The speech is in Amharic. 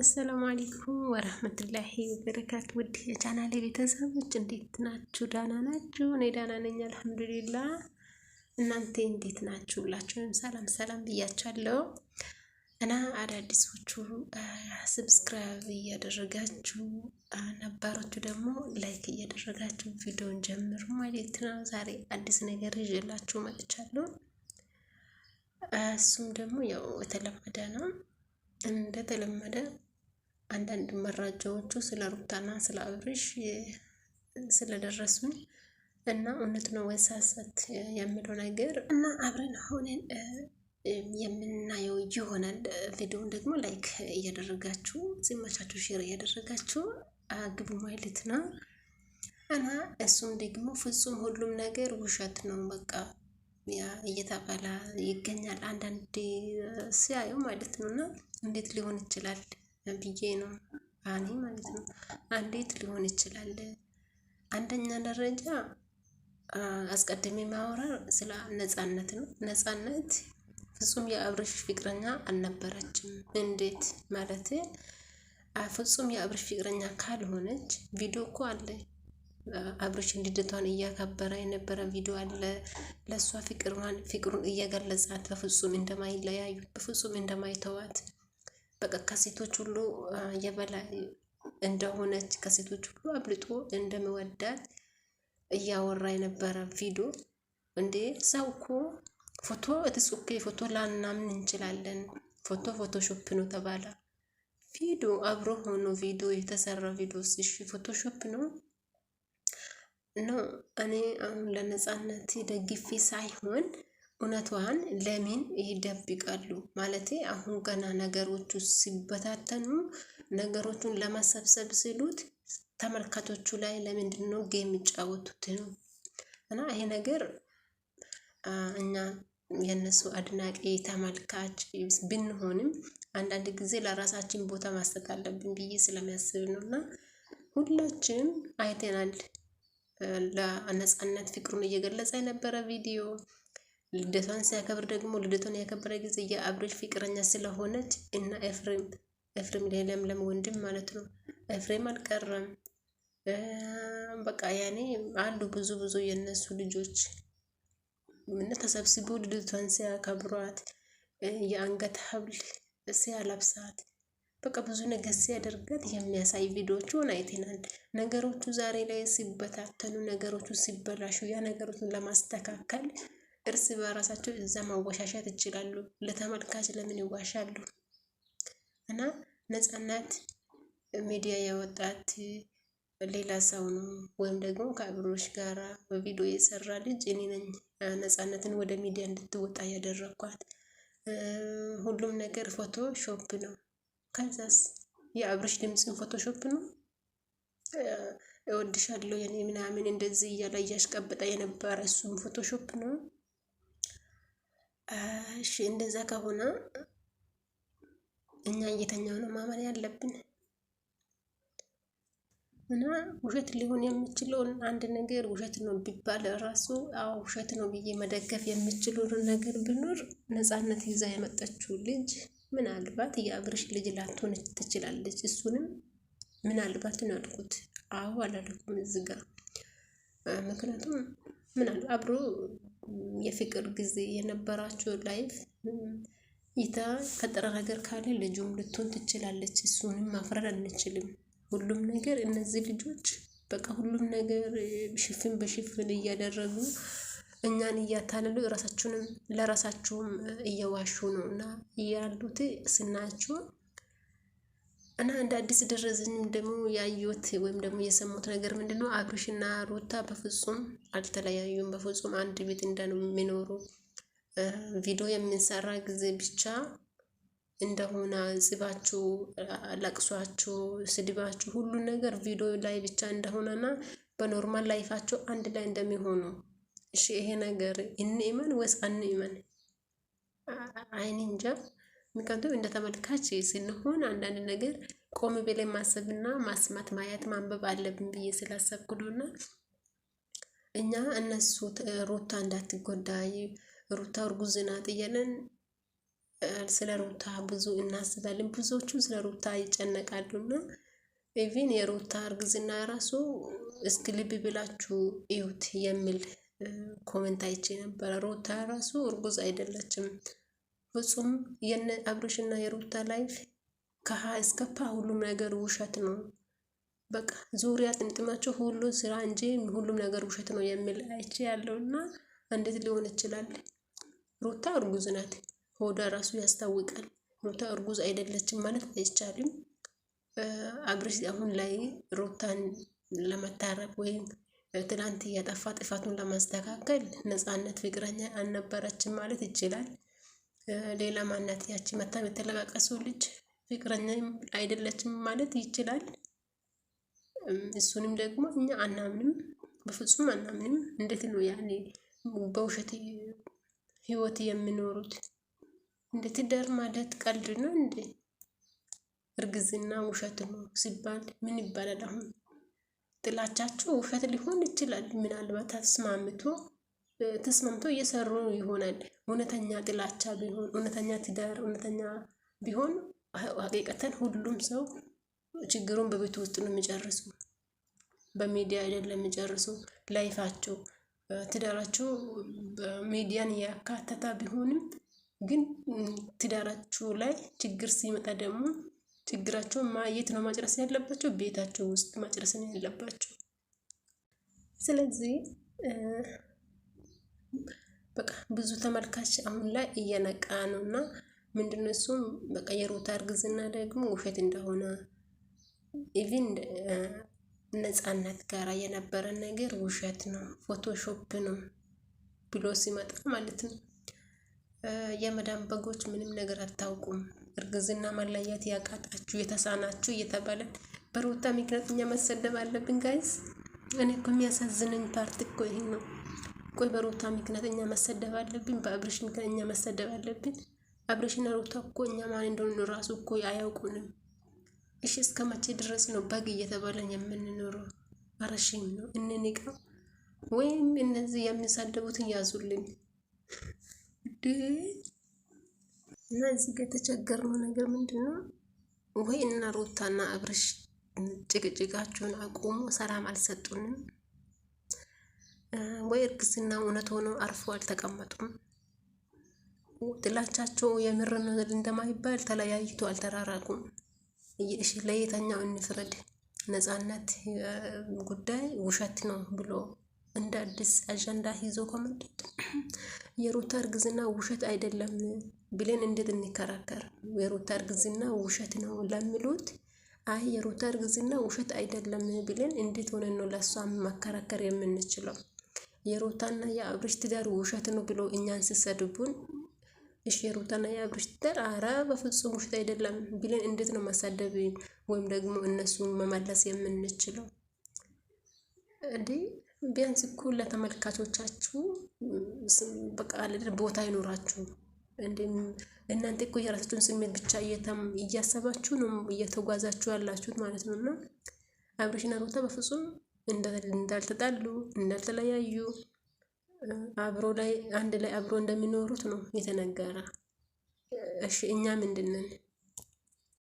አሰላሙ አለይኩም ወራህመቱላሂ ወበረካቱ። ውድ የቻናሌ ቤተሰቦች እንዴት ናችሁ? ዳና ናችሁ? እኔ ዳና ነኝ አልሐምዱሊላ። እናንተ እንዴት ናችሁ? ብላችሁም ሰላም ሰላም ብያቻለሁ እና አዳዲሶቹ ሰብስክራይብ እያደረጋችሁ ነባሮቹ ደግሞ ላይክ እያደረጋችሁ ቪዲዮን ጀምሩ ማለት ነው። ዛሬ አዲስ ነገር ይዤላችሁ መጥቻለሁ። እሱም ደግሞ ያው የተለመደ ነው እንደተለመደ አንዳንድ መረጃዎቹ ስለ ሩታና ስለ አብርሽ ስለደረሱኝ እና እውነት ነው ወይ ሳሰት የሚለው ነገር እና አብረን ሆነን የምናየው ይሆናል። ቪዲዮውን ደግሞ ላይክ እያደረጋችሁ ዜማቻችሁ ሼር እያደረጋችሁ ግቡ ማለት ነው እና እሱም ደግሞ ፍጹም ሁሉም ነገር ውሸት ነው በቃ ያ እየተባላ ይገኛል። አንዳንድ ሲያዩ ማለት ነው። እና እንዴት ሊሆን ይችላል ብዬ ነው አኔ ማለት ነው። እንዴት ሊሆን ይችላል? አንደኛ ደረጃ አስቀድሜ ማወራር ስለ ነጻነት ነው። ነጻነት ፍጹም የአብርሽ ፍቅረኛ አልነበረችም። እንዴት ማለት ፍጹም የአብርሽ ፍቅረኛ ካልሆነች ቪዲዮ እኮ አለ አብሮች እንድደቷን እያከበረ የነበረ ቪዲዮ አለ። ለእሷ ፍቅሯን ፍቅሩን እየገለጻት በፍጹም እንደማይለያዩ በፍጹም እንደማይተዋት በቃ ከሴቶች ሁሉ የበላይ እንደሆነች ከሴቶች ሁሉ አብልጦ እንደመወዳት እያወራ የነበረ ቪዲዮ። እንዴ ሰው እኮ ፎቶ እትጽኬ ፎቶ ላናምን እንችላለን። ፎቶ ፎቶሾፕ ነው ተባለ። ቪዲዮ አብሮ ሆኖ ቪዲዮ የተሰራ ቪዲዮ ፎቶሾፕ ነው። ነው። እኔ አሁን ለነፃነት ደግፌ ሳይሆን እውነቷን ለምን ይደብቃሉ? ማለቴ አሁን ገና ነገሮቹ ሲበታተኑ ነገሮቹን ለማሰብሰብ ሲሉት ተመልካቾቹ ላይ ለምንድን ነው ጌም የሚጫወቱት ነው። እና ይሄ ነገር እኛ የእነሱ አድናቂ ተመልካች ብንሆንም አንዳንድ ጊዜ ለራሳችን ቦታ ማስጠት አለብን ብዬ ስለሚያስብ ነው እና ሁላችንም አይተናል። ለነፃነት ፍቅሩን እየገለጸ የነበረ ቪዲዮ። ልደቷን ሲያከብር ደግሞ ልደቷን ያከበረ ጊዜ የአብሬሽ ፍቅረኛ ስለሆነች እና ኤፍሬም ኤፍሬም ለምለም ወንድም ማለት ነው። ኤፍሬም አልቀረም። በቃ ያኔ አሉ ብዙ ብዙ የነሱ ልጆች ምን ተሰብስቦ ልደቷን ሲያከብሯት የአንገት ሀብል ሲያለብሳት በቃ ብዙ ነገር ሲያደርጋት የሚያሳይ ቪዲዮዎቹን አይተናል። ነገሮቹ ዛሬ ላይ ሲበታተኑ፣ ነገሮቹ ሲበላሹ ያ ነገሮቹን ለማስተካከል እርስ በራሳቸው እዛ ማወሻሻት ይችላሉ። ለተመልካች ለምን ይዋሻሉ? እና ነጻነት ሚዲያ ያወጣት ሌላ ሰው ነው ወይም ደግሞ ከአብሮች ጋራ በቪዲዮ የሰራ ልጅ እኔ ነኝ ነጻነትን ወደ ሚዲያ እንድትወጣ ያደረኳት። ሁሉም ነገር ፎቶ ሾፕ ነው። ከዛስ የአብርሽ ድምፅን ፎቶሾፕ ነው እወድሻለሁ የኔ ምናምን እንደዚህ እያለ እያሽቀበጠ የነበረ እሱም ፎቶሾፕ ነው። እሺ እንደዛ ከሆነ እኛ እየተኛው ነው ማመን ያለብን እና ውሸት ሊሆን የሚችለውን አንድ ነገር ውሸት ነው ቢባል ራሱ አዎ ውሸት ነው ብዬ መደገፍ የሚችለውን ነገር ብኖር ነፃነት ይዛ የመጣችው ልጅ ምናልባት የአብርሽ ልጅ ላትሆን ትችላለች። እሱንም ምናልባት ነው ያልኩት። አዎ አላልኩም እዚጋ ጋ ምክንያቱም ምናል አብሮ የፍቅር ጊዜ የነበራቸው ላይፍ የተፈጠረ ነገር ካለ ልጁም ልትሆን ትችላለች። እሱንም ማፍረር አንችልም። ሁሉም ነገር እነዚህ ልጆች በቃ ሁሉም ነገር ሽፍን በሽፍን እያደረጉ እኛን እያታለሉ ራሳችሁንም ለራሳችሁም እየዋሹ ነው እና ያሉት ስናያቸው እና እንደ አዲስ ደረሰኝም ደግሞ ያዩት ወይም ደግሞ የሰሙት ነገር ምንድን ነው? አብርሽና ሩታ በፍጹም አልተለያዩም። በፍጹም አንድ ቤት እንደሚኖሩ ቪዲዮ የምንሰራ ጊዜ ብቻ እንደሆነ ጽባችሁ፣ ለቅሷችሁ፣ ስድባችሁ ሁሉ ነገር ቪዲዮ ላይ ብቻ እንደሆነና በኖርማል ላይፋቸው አንድ ላይ እንደሚሆኑ እሺ ይሄ ነገር እንእመን ወይስ አንእመን? አይን እንጃ። ምክንያቱም እንደ ተመልካች ስንሆን አንዳንድ ነገር ቆም ብለን ማሰብና ማስማት ማየት ማንበብ አለብን ብዬ ስላሰብኩ ነውና እኛ እነሱ ሩታ እንዳትጎዳ ሩታ እርጉዝ ናት እያለን ስለ ሩታ ብዙ እናስባለን። ብዙዎቹ ስለ ሩታ ይጨነቃሉና ኢቪን የሩታ እርግዝና ራሱ እስኪ ልብ ብላችሁ እዩት የሚል ኮመንት አይቼ ነበረ። ሩታ ራሱ እርጉዝ አይደለችም ፍጹም። የነ እና የሩታ ላይፍ ከሀ እስከ ፓ ሁሉም ነገር ውሸት ነው። በቃ ዙሪያ ጥምጥማቸው ሁሉ ስራ እንጂ ሁሉም ነገር ውሸት ነው የሚል አይቼ ያለው እና እንዴት ሊሆን ይችላል? ሩታ እርጉዝ ናት። ሆዳ ራሱ ያስታውቃል። ሩታ እርጉዝ አይደለችም ማለት አይቻልም። አብርሽ አሁን ላይ ሩታን ለመታረቅ ወይም ትላንት እያጠፋ ጥፋቱን ለማስተካከል ነፃነት ፍቅረኛ አልነበረችም ማለት ይችላል። ሌላ ማናት ያቺ መታም የተለቃቀሱ ልጅ ፍቅረኛ አይደለችም ማለት ይችላል። እሱንም ደግሞ እኛ አናምንም፣ በፍጹም አናምንም። እንዴት ነው ያኔ በውሸት ህይወት የሚኖሩት? እንዴት ደር ማለት ቀልድ ነው እንዴ? እርግዝና ውሸት ነው ሲባል ምን ይባላል አሁን? ጥላቻችሁ ውሸት ሊሆን ይችላል። ምናልባት ተስማምቶ ተስማምቶ እየሰሩ ይሆናል። እውነተኛ ጥላቻ ቢሆን እውነተኛ ትዳር እውነተኛ ቢሆን ሀቂቀተን ሁሉም ሰው ችግሩን በቤት ውስጥ ነው የሚጨርሱ፣ በሚዲያ አይደለም የሚጨርሱ። ላይፋቸው ትዳራቸው በሚዲያን ያካተታ ቢሆንም ግን ትዳራችሁ ላይ ችግር ሲመጣ ደግሞ ችግራቸውን ማየት ነው ማጨረስ ያለባቸው፣ ቤታቸው ውስጥ ማጨረስ ነው ያለባቸው። ስለዚህ በቃ ብዙ ተመልካች አሁን ላይ እየነቃ ነው እና ምንድነሱም እሱም በቃ የሩታ እርግዝና ደግሞ ውሸት እንደሆነ ኢቪን ነጻነት ጋር የነበረ ነገር ውሸት ነው፣ ፎቶሾፕ ነው ብሎ ሲመጣ ማለት ነው። የመዳም በጎች ምንም ነገር አታውቁም፣ እርግዝና ማላያት ያቃጣችሁ የተሳናችሁ እየተባለ በሩታ ምክንያት እኛ መሰደብ አለብን ጋይስ። እኔ እኮ የሚያሳዝነኝ ፓርት እኮ ይሄ ነው። ቆይ በሩታ ምክንያት እኛ መሰደብ አለብን፣ በአብሬሽ ምክንያት እኛ መሰደብ አለብን። አብሬሽና ሩታ እኮ እኛ ማን እንደሆነ ራሱ እኮ አያውቁንም። እሺ እስከ መቼ ድረስ ነው በግ እየተባለን የምንኖረው? አረሽም ነው እንንቀው ወይም እነዚህ የሚሳደቡትን ያዙልን። እና እዚህ ጋ የተቸገርነው ነገር ምንድን ነው? ወይ እና ሩታና አብርሽ ጭቅጭቃቸውን አቁሞ ሰላም አልሰጡንም፣ ወይ እርግዝና እውነት ሆኖ አርፎ አልተቀመጡም። ጥላቻቸው የምር ነው እንደማይባል ተለያይቶ አልተራራቁም። እሺ ለየተኛው እንፍረድ ነጻነት ጉዳይ ውሸት ነው ብሎ እንደ አዲስ አጀንዳ ይዞ ከመጡት የሩታ እርግዝና ውሸት አይደለም ብለን እንዴት እንከራከር? የሩታ እርግዝና ውሸት ነው ለሚሉት አይ የሩታ እርግዝና ውሸት አይደለም ብለን እንዴት ሆነን ነው ለእሷ መከራከር የምንችለው? የሩታና የአብርሽ ትዳር ውሸት ነው ብሎ እኛን ሲሰድቡን፣ እሺ የሩታና የአብርሽ ትዳር አረ በፍጹም ውሸት አይደለም ብለን እንዴት ነው መሳደብ ወይም ደግሞ እነሱ መመለስ የምንችለው? ቢያንስ እኮ ለተመልካቾቻችሁ በቃ ቦታ አይኖራችሁ። እናንተ እኮ የራሳችሁን ስሜት ብቻ እያሰባችሁ ነው እየተጓዛችሁ ያላችሁት ማለት ነው። እና አብሬሽና ሩታ በፍጹም እንዳልተጣሉ እንዳልተለያዩ አብሮ ላይ አንድ ላይ አብሮ እንደሚኖሩት ነው የተነገረ። እሺ እኛ ምንድን ነን?